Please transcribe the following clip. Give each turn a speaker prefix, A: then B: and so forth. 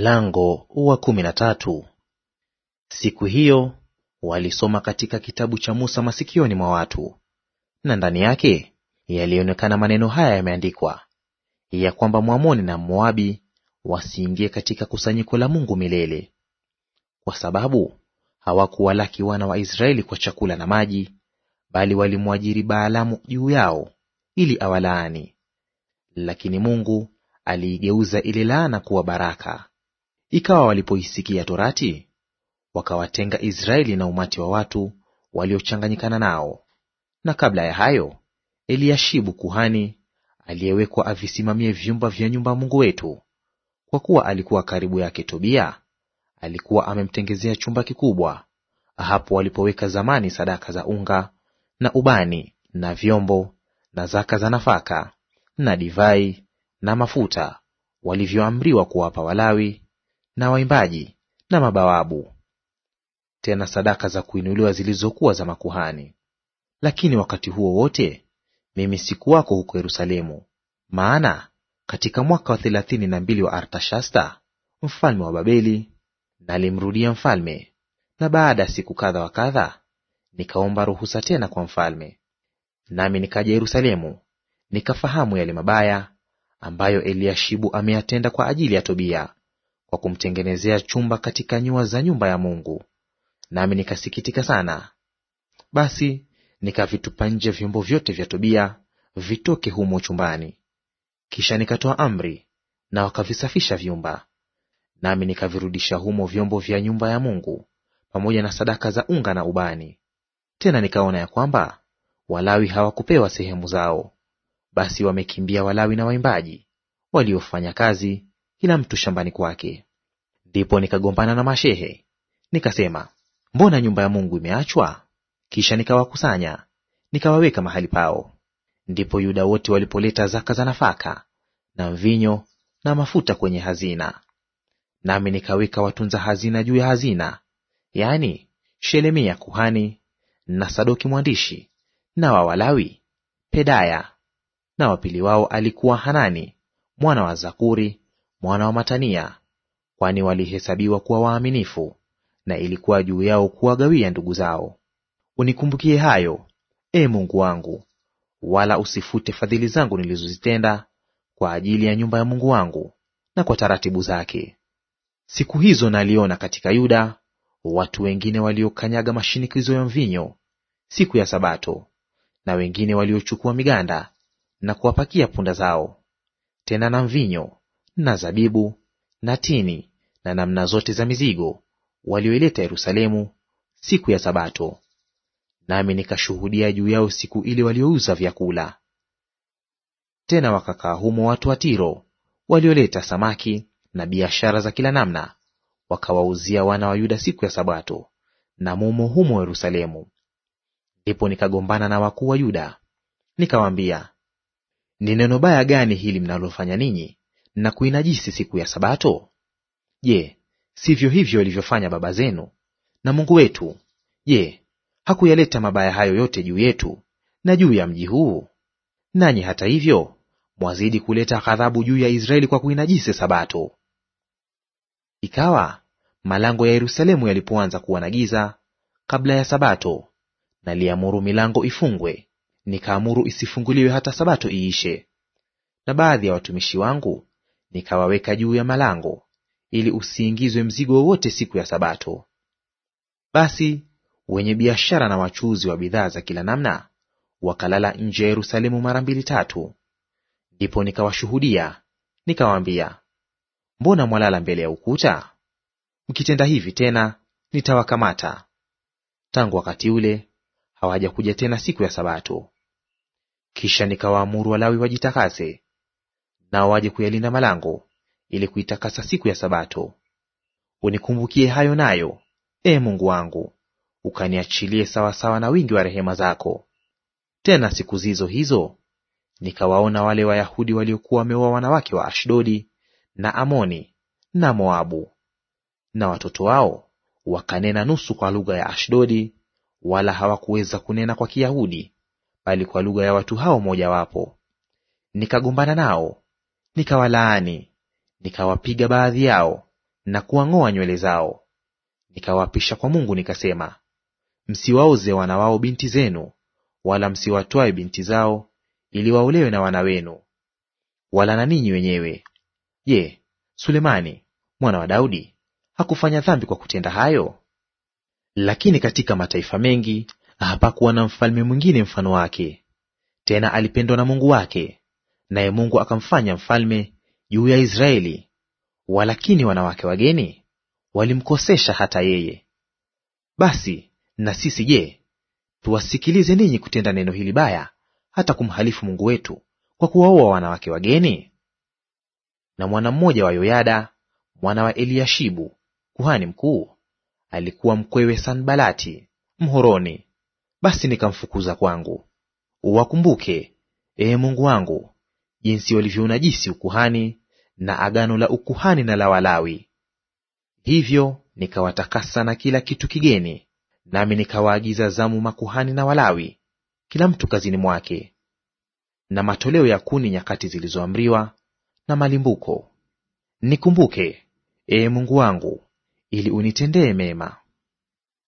A: Lango wa kumi na tatu. Siku hiyo walisoma katika kitabu cha Musa masikioni mwa watu, na ndani yake yalionekana maneno haya yameandikwa, ya kwamba Mwamoni na Moabi wasiingie katika kusanyiko la Mungu milele, kwa sababu hawakuwalaki wana wa Israeli kwa chakula na maji, bali walimwajiri Baalamu juu yao ili awalaani. Lakini Mungu aliigeuza ile laana kuwa baraka. Ikawa walipoisikia Torati, wakawatenga Israeli na umati wa watu waliochanganyikana nao. Na kabla ya hayo, Eliashibu kuhani aliyewekwa avisimamie vyumba vya nyumba Mungu wetu, kwa kuwa alikuwa karibu yake Tobia, alikuwa amemtengezea chumba kikubwa hapo walipoweka zamani sadaka za unga na ubani na vyombo na zaka za nafaka na divai na mafuta, walivyoamriwa kuwapa Walawi na waimbaji na mabawabu, tena sadaka za kuinuliwa zilizokuwa za makuhani. Lakini wakati huo wote mimi sikuwako huko Yerusalemu, maana katika mwaka wa thelathini na mbili wa Artashasta mfalme wa Babeli nalimrudia mfalme, na baada ya siku kadha wa kadha nikaomba ruhusa tena kwa mfalme. Nami nikaja Yerusalemu, nikafahamu yale mabaya ambayo Eliashibu ameyatenda kwa ajili ya Tobia kwa kumtengenezea chumba katika nyua za nyumba ya Mungu. Nami nikasikitika sana. Basi nikavitupa nje vyombo vyote vya Tobia vitoke humo chumbani. Kisha nikatoa amri, na wakavisafisha vyumba. Nami nikavirudisha humo vyombo vya nyumba ya Mungu pamoja na sadaka za unga na ubani. Tena nikaona ya kwamba Walawi hawakupewa sehemu zao. Basi wamekimbia Walawi na waimbaji waliofanya kazi kila mtu shambani kwake. Ndipo nikagombana na mashehe nikasema, mbona nyumba ya Mungu imeachwa? Kisha nikawakusanya nikawaweka mahali pao. Ndipo Yuda wote walipoleta zaka za nafaka na mvinyo na mafuta kwenye hazina, nami nikaweka watunza hazina juu ya hazina, yaani Shelemia kuhani na Sadoki mwandishi na wawalawi Pedaya na wapili wao alikuwa Hanani mwana wa Zakuri mwana wa Matania, kwani walihesabiwa kuwa waaminifu, na ilikuwa juu yao kuwagawia ndugu zao. Unikumbukie hayo, e Mungu wangu, wala usifute fadhili zangu nilizozitenda kwa ajili ya nyumba ya Mungu wangu na kwa taratibu zake. Siku hizo naliona katika Yuda watu wengine waliokanyaga mashinikizo ya mvinyo siku ya Sabato, na wengine waliochukua miganda na kuwapakia punda zao, tena na mvinyo na zabibu na tini na namna zote za mizigo walioileta Yerusalemu siku ya Sabato. Nami nikashuhudia juu yao siku ile waliouza vyakula. Tena wakakaa humo watu wa Tiro walioleta samaki na biashara za kila namna, wakawauzia wana wa Yuda siku ya Sabato na mumo humo Yerusalemu. Ndipo nikagombana na wakuu wa Yuda nikawaambia, ni neno baya gani hili mnalofanya ninyi na kuinajisi siku ya Sabato? Je, sivyo hivyo alivyofanya baba zenu? Na Mungu wetu, je, hakuyaleta mabaya hayo yote juu yetu na juu ya mji huu? Nanyi hata hivyo mwazidi kuleta ghadhabu juu ya Israeli kwa kuinajisi Sabato. Ikawa malango ya Yerusalemu yalipoanza kuwa na giza kabla ya Sabato, naliamuru milango ifungwe, nikaamuru isifunguliwe hata Sabato iishe. Na baadhi ya watumishi wangu nikawaweka juu ya malango, ili usiingizwe mzigo wowote siku ya Sabato. Basi wenye biashara na wachuuzi wa bidhaa za kila namna wakalala nje ya Yerusalemu mara mbili tatu. Ndipo nikawashuhudia nikawaambia, mbona mwalala mbele ya ukuta? Mkitenda hivi tena nitawakamata. Tangu wakati ule hawajakuja tena siku ya Sabato. Kisha nikawaamuru Walawi wajitakase nao waje kuyalinda malango, ili kuitakasa siku ya Sabato. Unikumbukie hayo nayo, e Mungu wangu, ukaniachilie sawasawa na wingi wa rehema zako. Tena siku zizo hizo nikawaona wale Wayahudi waliokuwa wameoa wanawake wa Ashdodi na Amoni na Moabu, na watoto wao wakanena nusu kwa lugha ya Ashdodi, wala hawakuweza kunena kwa Kiyahudi, bali kwa lugha ya watu hao mojawapo. Nikagombana nao nikawalaani, nikawapiga baadhi yao na kuwang'oa nywele zao. nikawapisha kwa Mungu nikasema, msiwaoze wana wao binti zenu, wala msiwatwae binti zao ili waolewe na wana wenu, wala na ninyi wenyewe. Je, Sulemani mwana wa Daudi hakufanya dhambi kwa kutenda hayo? Lakini katika mataifa mengi hapakuwa na mfalme mwingine mfano wake, tena alipendwa na Mungu wake naye Mungu akamfanya mfalme juu ya Israeli, walakini wanawake wageni walimkosesha hata yeye. Basi na sisi je, tuwasikilize ninyi kutenda neno hili baya, hata kumhalifu Mungu wetu kwa kuwaoa wanawake wageni? Na mwana mmoja wa Yoyada mwana wa Eliashibu kuhani mkuu alikuwa mkwewe Sanbalati Mhoroni. Basi nikamfukuza kwangu. Uwakumbuke, ee Mungu wangu, jinsi walivyounajisi ukuhani na agano la ukuhani na la Walawi. Hivyo nikawatakasa na kila kitu kigeni, nami nikawaagiza zamu makuhani na Walawi, kila mtu kazini mwake, na matoleo ya kuni nyakati zilizoamriwa na malimbuko. Nikumbuke, Ee Mungu wangu, ili unitendee mema.